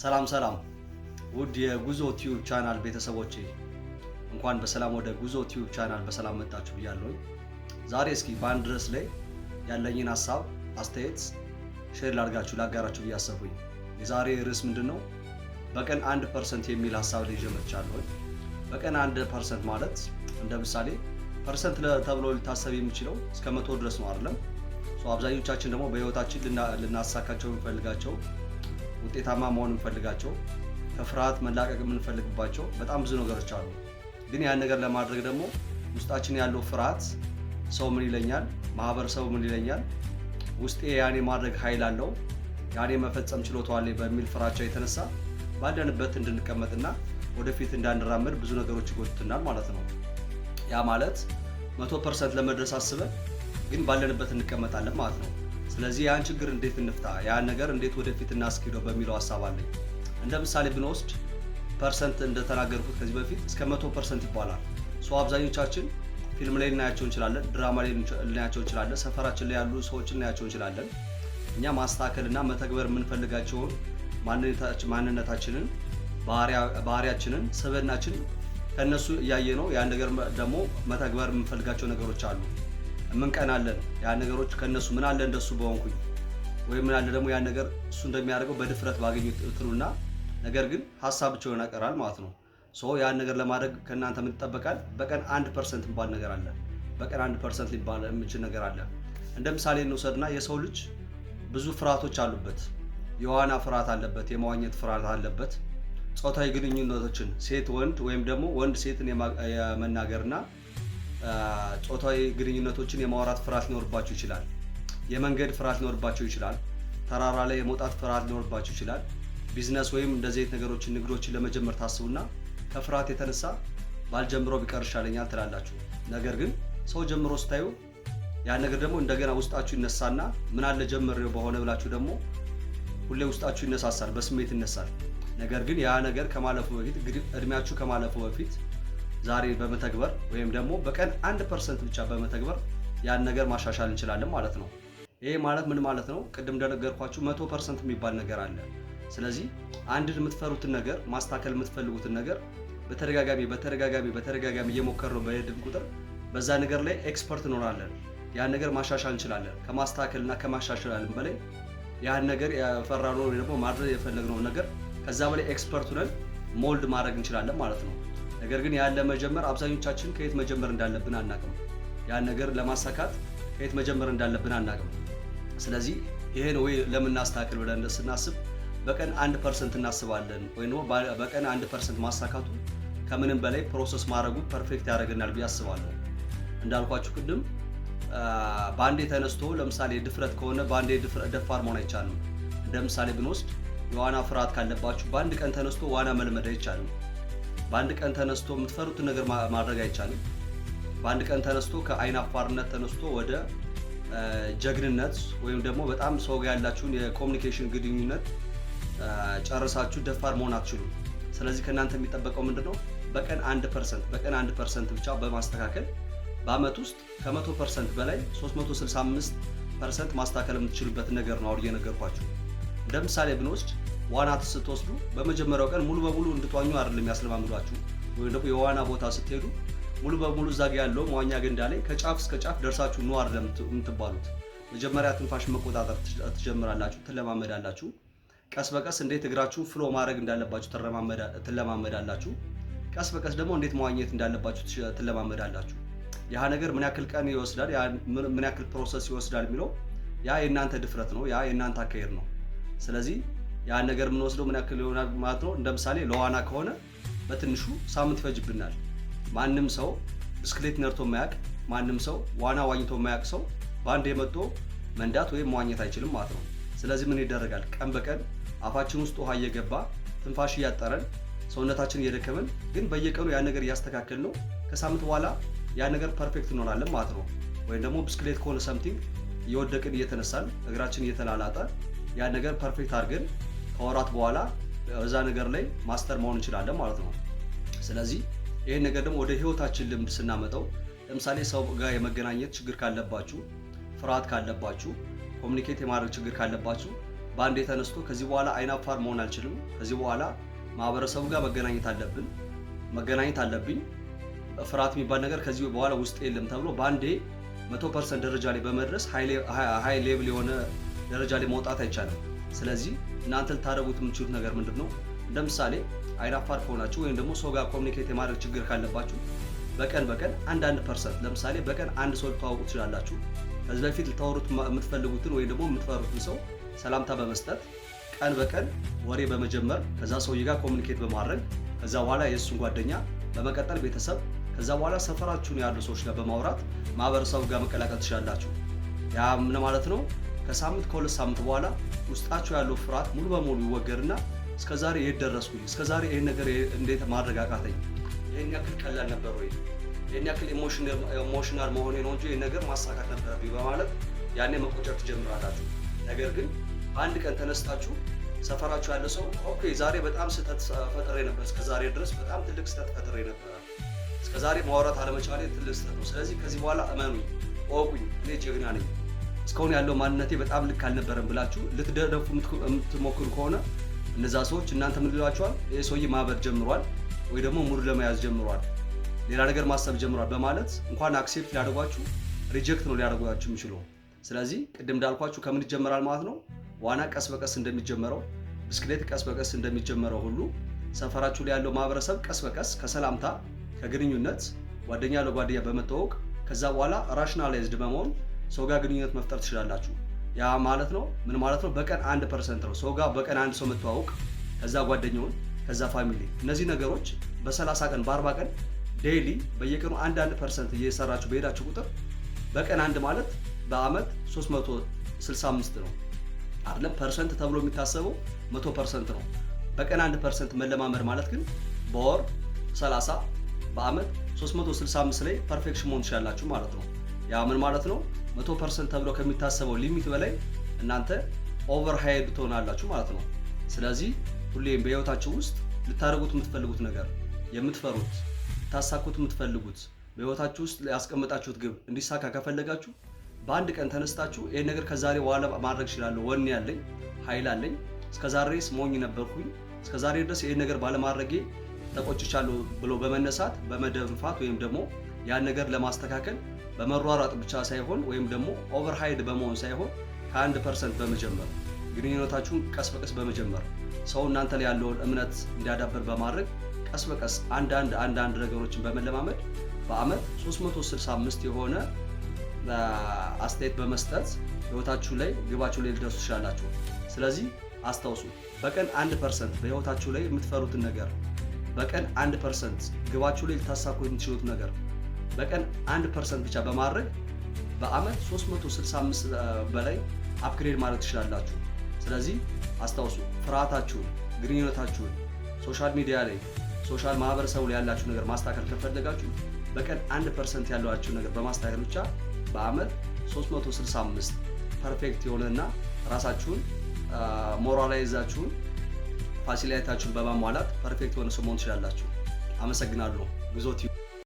ሰላም ሰላም ውድ የጉዞ ቲዩብ ቻናል ቤተሰቦች እንኳን በሰላም ወደ ጉዞ ቲዩብ ቻናል በሰላም መጣችሁ ብያለሁኝ። ዛሬ እስኪ በአንድ ርዕስ ላይ ያለኝን ሀሳብ አስተያየት ሼር ላድርጋችሁ ላጋራችሁ ብያሰብኩኝ። የዛሬ ርዕስ ምንድን ነው? በቀን አንድ ፐርሰንት የሚል ሀሳብ ላይ ይዤ በቀን አንድ ፐርሰንት ማለት እንደ ምሳሌ ፐርሰንት ተብሎ ሊታሰብ የሚችለው እስከ መቶ ድረስ ነው አይደለም? አብዛኞቻችን ደግሞ በህይወታችን ልናሳካቸው የምንፈልጋቸው ውጤታማ መሆን የምንፈልጋቸው ከፍርሃት መላቀቅ የምንፈልግባቸው በጣም ብዙ ነገሮች አሉ። ግን ያን ነገር ለማድረግ ደግሞ ውስጣችን ያለው ፍርሃት ሰው ምን ይለኛል፣ ማህበረሰቡ ምን ይለኛል፣ ውስጤ ያኔ ማድረግ ኃይል አለው ያኔ መፈጸም ችሎታዋል በሚል ፍራቻ የተነሳ ባለንበት እንድንቀመጥና ወደፊት እንዳንራመድ ብዙ ነገሮች ይጎትቱናል ማለት ነው። ያ ማለት መቶ ፐርሰንት ለመድረስ አስበን ግን ባለንበት እንቀመጣለን ማለት ነው። ስለዚህ ያን ችግር እንዴት እንፍታ፣ ያን ነገር እንዴት ወደፊት እናስኪደው በሚለው ሀሳብ አለኝ። እንደ ምሳሌ ብንወስድ ፐርሰንት እንደተናገርኩት ከዚህ በፊት እስከ መቶ ፐርሰንት ይባላል። ሶ አብዛኞቻችን ፊልም ላይ ልናያቸው እንችላለን፣ ድራማ ላይ ልናያቸው እንችላለን፣ ሰፈራችን ላይ ያሉ ሰዎች ልናያቸው እንችላለን። እኛ እና መተግበር የምንፈልጋቸውን ማንነታችንን፣ ባህሪያችንን፣ ስብዕናችን ከእነሱ እያየ ነው ያን ነገር ደግሞ መተግበር የምንፈልጋቸው ነገሮች አሉ። ምን ቀን አለን ያ ነገሮች ከነሱ ምን አለ እንደሱ በሆንኩኝ ወይም ምን አለ ደግሞ ያን ነገር እሱ እንደሚያደርገው በድፍረት ባገኙ ትሉና ነገር ግን ሀሳብ ብቻ ሆና ቀራል ማለት ነው። ሶ ያን ነገር ለማድረግ ከእናንተ ምን ይጠበቃል? በቀን አንድ ፐርሰንት የሚባል ነገር አለ። በቀን አንድ ፐርሰንት ሊባል የሚችል ነገር አለ። እንደ ምሳሌ እንውሰድና የሰው ልጅ ብዙ ፍርሃቶች አሉበት። የዋና ፍርሃት አለበት። የመዋኘት ፍርሃት አለበት። ጾታዊ ግንኙነቶችን ሴት ወንድ ወይም ደግሞ ወንድ ሴትን የመናገርና ጾታዊ ግንኙነቶችን የማውራት ፍርሃት ሊኖርባቸው ይችላል። የመንገድ ፍርሃት ሊኖርባቸው ይችላል። ተራራ ላይ የመውጣት ፍርሃት ሊኖርባቸው ይችላል። ቢዝነስ ወይም እንደዚህ አይነት ነገሮችን ንግዶችን ለመጀመር ታስቡና ከፍርሃት የተነሳ ባልጀምረው ቢቀር ይሻለኛል ትላላችሁ። ነገር ግን ሰው ጀምሮ ስታዩ ያ ነገር ደግሞ እንደገና ውስጣችሁ ይነሳና ምን አለ ጀምሬው በሆነ ብላችሁ ደግሞ ሁሌ ውስጣችሁ ይነሳሳል፣ በስሜት ይነሳል። ነገር ግን ያ ነገር ከማለፉ በፊት እድሜያችሁ ከማለፉ በፊት ዛሬ በመተግበር ወይም ደግሞ በቀን አንድ ፐርሰንት ብቻ በመተግበር ያን ነገር ማሻሻል እንችላለን ማለት ነው። ይሄ ማለት ምን ማለት ነው? ቅድም እንደነገርኳችሁ መቶ ፐርሰንት የሚባል ነገር አለ። ስለዚህ አንድ የምትፈሩትን ነገር ማስተካከል የምትፈልጉትን ነገር በተደጋጋሚ በተደጋጋሚ በተደጋጋሚ እየሞከርነው በሄድን ቁጥር በዛ ነገር ላይ ኤክስፐርት እኖራለን። ያን ነገር ማሻሻል እንችላለን። ከማስተካከልና ከማሻሻል በላይ ያን ነገር የፈራነው ወይ ደግሞ ማድረግ የፈለግነው ነገር ከዛ በላይ ኤክስፐርት ሁነን ሞልድ ማድረግ እንችላለን ማለት ነው። ነገር ግን ያን ለመጀመር አብዛኞቻችን ከየት መጀመር እንዳለብን አናቅም። ያን ነገር ለማሳካት ከየት መጀመር እንዳለብን አናቅም። ስለዚህ ይሄን ወይ ለምናስተካክል ብለን ስናስብ በቀን አንድ ፐርሰንት እናስባለን ወይ በቀን አንድ ፐርሰንት ማሳካቱ ከምንም በላይ ፕሮሰስ ማድረጉ ፐርፌክት ያደርገናል ብዬ አስባለሁ። እንዳልኳችሁ ቅድም በአንዴ ተነስቶ ለምሳሌ ድፍረት ከሆነ በአንዴ ደፋር መሆን አይቻልም። እንደ ምሳሌ ብንወስድ የዋና ፍርሃት ካለባችሁ በአንድ ቀን ተነስቶ ዋና መልመድ አይቻልም። በአንድ ቀን ተነስቶ የምትፈሩትን ነገር ማድረግ አይቻልም። በአንድ ቀን ተነስቶ ከአይን አፋርነት ተነስቶ ወደ ጀግንነት ወይም ደግሞ በጣም ሰው ጋር ያላችሁን የኮሚኒኬሽን ግንኙነት ጨርሳችሁ ደፋር መሆን አትችሉም። ስለዚህ ከእናንተ የሚጠበቀው ምንድን ነው? በቀን አንድ ፐርሰንት በቀን አንድ ፐርሰንት ብቻ በማስተካከል በአመት ውስጥ ከመቶ ፐርሰንት በላይ 365 ፐርሰንት ማስተካከል የምትችሉበት ነገር ነው አሁን እየነገርኳችሁ። እንደ ምሳሌ ብንወስድ ዋና ስትወስዱ በመጀመሪያው ቀን ሙሉ በሙሉ እንድትዋኙ አይደለም ያስለማምዷችሁ። ወይም ደግሞ የዋና ቦታ ስትሄዱ ሙሉ በሙሉ እዛ ጋ ያለው መዋኛ ገንዳ ላይ ከጫፍ እስከ ጫፍ ደርሳችሁ ነው አይደለም የምትባሉት። መጀመሪያ ትንፋሽ መቆጣጠር ትጀምራላችሁ፣ ትለማመዳላችሁ። ቀስ በቀስ እንዴት እግራችሁ ፍሎ ማድረግ እንዳለባችሁ ትለማመዳላችሁ። ቀስ በቀስ ደግሞ እንዴት መዋኘት እንዳለባችሁ ትለማመዳላችሁ። ያ ነገር ምን ያክል ቀን ይወስዳል፣ ምን ያክል ፕሮሰስ ይወስዳል የሚለው ያ የእናንተ ድፍረት ነው፣ ያ የእናንተ አካሄድ ነው። ስለዚህ ያ ነገር የምንወስደው ምን ያክል ይሆናል ማለት ነው። እንደ ምሳሌ ለዋና ከሆነ በትንሹ ሳምንት ይፈጅብናል። ማንም ሰው ብስክሌት ነርቶ የማያውቅ ማንም ሰው ዋና ዋኝቶ የማያውቅ ሰው በአንድ የመጦ መንዳት ወይም መዋኘት አይችልም ማለት ነው። ስለዚህ ምን ይደረጋል? ቀን በቀን አፋችን ውስጥ ውሃ እየገባ ትንፋሽ እያጠረን ሰውነታችን እየደከመን ግን በየቀኑ ያ ነገር እያስተካከል ነው። ከሳምንት በኋላ ያ ነገር ፐርፌክት እንሆናለን ማለት ነው። ወይም ደግሞ ብስክሌት ከሆነ ሰምቲንግ እየወደቅን እየተነሳን እግራችን እየተላላጠ ያ ነገር ፐርፌክት አድርገን ከወራት በኋላ እዛ ነገር ላይ ማስተር መሆን እንችላለን ማለት ነው። ስለዚህ ይህን ነገር ደግሞ ወደ ህይወታችን ልምድ ስናመጣው ለምሳሌ ሰው ጋር የመገናኘት ችግር ካለባችሁ፣ ፍርሃት ካለባችሁ፣ ኮሚኒኬት የማድረግ ችግር ካለባችሁ በአንድ የተነስቶ ከዚህ በኋላ አይናፋር መሆን አልችልም፣ ከዚህ በኋላ ማህበረሰቡ ጋር መገናኘት አለብን መገናኘት አለብኝ፣ ፍርሃት የሚባል ነገር ከዚህ በኋላ ውስጥ የለም ተብሎ በአንዴ መቶ ፐርሰንት ደረጃ ላይ በመድረስ ሀይ ሌቭል የሆነ ደረጃ ላይ መውጣት አይቻልም። ስለዚህ እናንተ ልታደረጉት የምችሉት ነገር ምንድን ነው? ለምሳሌ ምሳሌ አይራፋር ከሆናችሁ ወይም ደግሞ ሰው ጋር ኮሚኒኬት የማድረግ ችግር ካለባችሁ በቀን በቀን አንዳንድ ፐርሰንት ለምሳሌ በቀን አንድ ሰው ልታወቁ ትችላላችሁ። ከዚህ በፊት ልታወሩት የምትፈልጉትን ወይም ደግሞ የምትፈሩትን ሰው ሰላምታ በመስጠት ቀን በቀን ወሬ በመጀመር ከዛ ሰውዬ ጋር ኮሚኒኬት በማድረግ ከዛ በኋላ የእሱን ጓደኛ በመቀጠል ቤተሰብ ከዛ በኋላ ሰፈራችሁን ያሉ ሰዎች ጋር በማውራት ማህበረሰቡ ጋር መቀላቀል ትችላላችሁ። ያ ምን ማለት ነው? ከሳምንት ከሁለት ሳምንት በኋላ ውስጣቸው ያለው ፍርሃት ሙሉ በሙሉ ይወገድና እስከዛሬ የት ደረስኩኝ? እስከዛሬ ይህን ነገር እንዴት ማድረግ አቃተኝ? ይህን ያክል ቀላል ነበር ወይ? ይህን ያክል ኢሞሽናል መሆኔ ነው እንጂ ይህን ነገር ማሳካት ነበረብኝ በማለት ያኔ መቆጨር ትጀምራላችሁ። ነገር ግን አንድ ቀን ተነስታችሁ ሰፈራችሁ ያለ ሰው ኦኬ፣ ዛሬ በጣም ስህተት ፈጥሬ ነበር፣ እስከዛሬ ድረስ በጣም ትልቅ ስህተት ፈጥሬ ነበር። እስከዛሬ ማውራት አለመቻሌ ትልቅ ስህተት ነው። ስለዚህ ከዚህ በኋላ እመኑኝ፣ ኦቁኝ፣ እኔ ጀግና ነኝ እስካሁን ያለው ማንነቴ በጣም ልክ አልነበረም ብላችሁ ልትደረፉ የምትሞክሩ ከሆነ እነዛ ሰዎች እናንተ ምን ይሏቸዋል? ይህ ሰውዬ ማበድ ጀምሯል ወይ ደግሞ ሙድ ለመያዝ ጀምሯል፣ ሌላ ነገር ማሰብ ጀምሯል በማለት እንኳን አክሴፕት ሊያደርጓችሁ ሪጀክት ነው ሊያደርጓችሁ የሚችለው። ስለዚህ ቅድም እንዳልኳችሁ ከምን ይጀመራል ማለት ነው። ዋና ቀስ በቀስ እንደሚጀመረው፣ ብስክሌት ቀስ በቀስ እንደሚጀመረው ሁሉ ሰፈራችሁ ላይ ያለው ማህበረሰብ ቀስ በቀስ ከሰላምታ ከግንኙነት ጓደኛ ለጓደኛ በመተዋወቅ ከዛ በኋላ ራሽናላይዝድ በመሆን ሰው ጋር ግንኙነት መፍጠር ትችላላችሁ። ያ ማለት ነው ምን ማለት ነው? በቀን አንድ ፐርሰንት ነው ሰው ጋር በቀን አንድ ሰው መተዋወቅ፣ ከዛ ጓደኛውን፣ ከዛ ፋሚሊ። እነዚህ ነገሮች በሰላሳ ቀን በአርባ ቀን ዴይሊ በየቀኑ አንድ አንድ ፐርሰንት እየሰራችሁ በሄዳችሁ ቁጥር በቀን አንድ ማለት በአመት 365 ነው አይደለም። ፐርሰንት ተብሎ የሚታሰበው መቶ ፐርሰንት ነው። በቀን አንድ ፐርሰንት መለማመድ ማለት ግን በወር 30 በአመት 365 ላይ ፐርፌክሽን መሆን ትችላላችሁ ማለት ነው። ያ ምን ማለት ነው? መቶ ፐርሰንት ተብሎ ከሚታሰበው ሊሚት በላይ እናንተ ኦቨርሃይድ ትሆናላችሁ ማለት ነው። ስለዚህ ሁሌም በህይወታችሁ ውስጥ ልታደርጉት የምትፈልጉት ነገር የምትፈሩት ልታሳኩት የምትፈልጉት በህይወታችሁ ውስጥ ያስቀመጣችሁት ግብ እንዲሳካ ከፈለጋችሁ በአንድ ቀን ተነስታችሁ ይሄ ነገር ከዛሬ በኋላ ማድረግ እችላለሁ፣ ወኔ ያለኝ ኃይል አለኝ፣ እስከዛሬስ ሞኝ ነበርኩኝ፣ እስከዛሬ ድረስ ይህ ነገር ባለማድረጌ ተቆጭቻለሁ ብሎ በመነሳት በመደንፋት ወይም ደግሞ ያን ነገር ለማስተካከል በመሯሯጥ ብቻ ሳይሆን ወይም ደግሞ ኦቨርሃይድ በመሆን ሳይሆን ከአንድ ፐርሰንት በመጀመር ግንኙነታችሁን ቀስ በቀስ በመጀመር ሰው እናንተ ላይ ያለውን እምነት እንዲያዳብር በማድረግ ቀስ በቀስ አንዳንድ አንዳንድ ነገሮችን በመለማመድ በአመት 365 የሆነ አስተያየት በመስጠት ህይወታችሁ ላይ ግባችሁ ላይ ልደርሱ ትችላላችሁ። ስለዚህ አስታውሱ፣ በቀን አንድ ፐርሰንት በህይወታችሁ ላይ የምትፈሩትን ነገር በቀን አንድ ፐርሰንት ግባችሁ ላይ ልታሳኩ የምትችሉት ነገር በቀን አንድ ፐርሰንት ብቻ በማድረግ በአመት 365 በላይ አፕግሬድ ማድረግ ትችላላችሁ። ስለዚህ አስታውሱ፣ ፍርሃታችሁን፣ ግንኙነታችሁን ሶሻል ሚዲያ ላይ ሶሻል ማህበረሰቡ ላይ ያላችሁ ነገር ማስተካከል ከፈለጋችሁ በቀን አንድ ፐርሰንት ያለዋችሁ ነገር በማስተካከል ብቻ በአመት 365 ፐርፌክት የሆነና ራሳችሁን ሞራላይዛችሁን ፋሲላይታችሁን በማሟላት ፐርፌክት የሆነ ሰው መሆን ትችላላችሁ። አመሰግናለሁ። ጉዞ